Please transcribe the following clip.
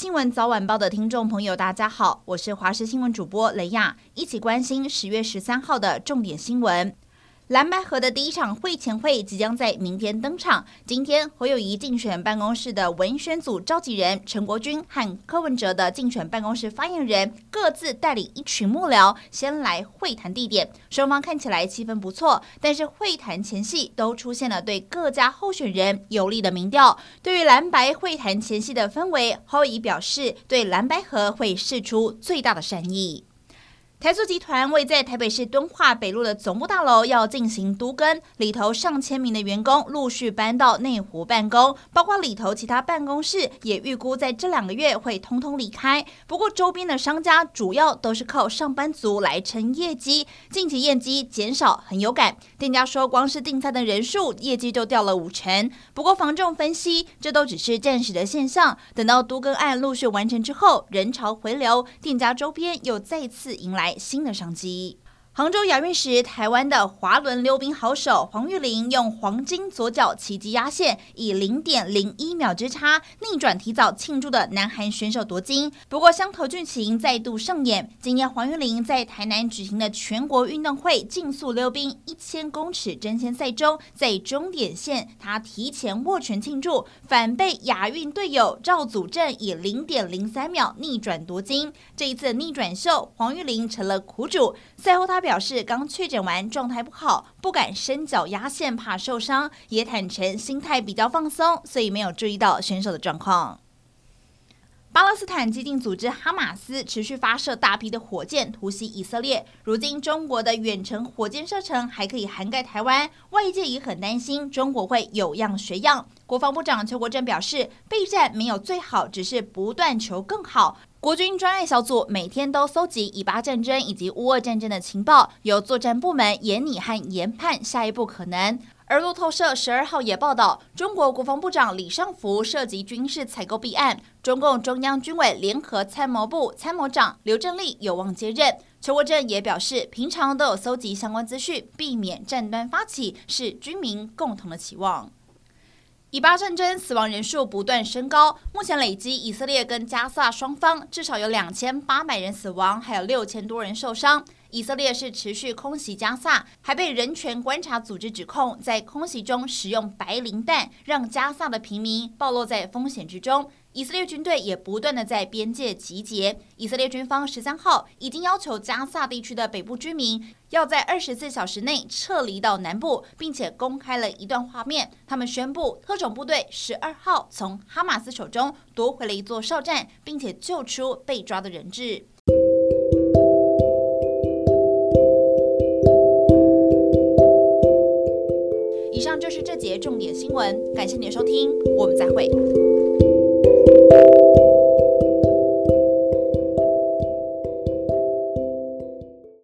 新聞早晚報的聽眾朋友，大家好，我是華視新聞主播雷亞，一起關心十月十三號的重點新聞。藍白合的第一場會前會即將在明天登場。今天，侯友宜競選辦公室的文宣組召集人陳國軍和柯文哲的競選辦公室發言人各自帶領一群幕僚先來會談地點，雙方看起來氣氛不錯。但是會談前夕都出現了對各家候選人有利的民調。對於藍白會談前夕的氛圍，侯友宜表示對藍白合會釋出最大的善意。台塑集團位在台北市敦化北路的總部大樓要進行都更，裡頭上千名的員工陸續搬到內湖辦公，包括裡頭其他辦公室也預估在這兩個月會通通離開。不過周邊的商家主要都是靠上班族來撐業績，近期業績減少很有感，店家說光是訂餐的人數業績就掉了五成。不過房仲分析，這都只是暫時的現象，等到都更案陸續完成之後，人潮回流，店家周邊又再次迎來新的商機。杭州亞運時，台灣的滑輪溜冰好手黃玉霖用黃金左腳奇蹟壓線，以零點零一秒之差逆轉提早慶祝的南韓選手奪金。不過，相同劇情再度上演。今年黃玉霖在台南舉行的全國運動會競速溜冰一千公尺爭先賽中，在終點線她提前握拳慶祝，反被亞運隊友趙祖正以零點零三秒逆轉奪金。這一次逆轉秀，黃玉霖成了苦主。賽後他。他表示剛確診完，狀態不好，不敢伸腳壓線，怕受傷。也坦誠心態比較放鬆，所以沒有注意到選手的狀況。巴勒斯坦激進組織哈馬斯持續發射大批的火箭突襲以色列。如今中國的遠程火箭射程還可以涵蓋台灣，外界也很擔心中國會有樣學樣。國防部長邱國正表示，備戰沒有最好，只是不斷求更好。國軍專案小組每天都蒐集以巴戰爭以及烏俄戰爭的情報，由作戰部門研擬和研判下一步可能。而路透社十二號也報道，中國國防部長李尚福涉及軍事採購弊案，中共中央軍委聯合參謀部參謀長劉振立有望接任。邱國正也表示，平常都有蒐集相關資訊，避免戰端發起是軍民共同的期望。以巴戰爭死亡人數不斷升高，目前累積以色列跟加薩雙方至少有兩千八百人死亡，還有六千多人受傷。以色列是持續空襲加薩，還被人權觀察組織指控在空襲中使用白磷彈，讓加薩的平民暴露在風險之中。以色列軍隊也不斷地在邊界集結。以色列軍方十三號已經要求加薩地區的北部居民要在二十四小時內撤離到南部，並且公開了一段畫面。他們宣布特種部隊十二號從哈馬斯手中奪回了一座哨站，並且救出被抓的人質。以上就是這節重點新聞，感謝你的收聽，我們再會。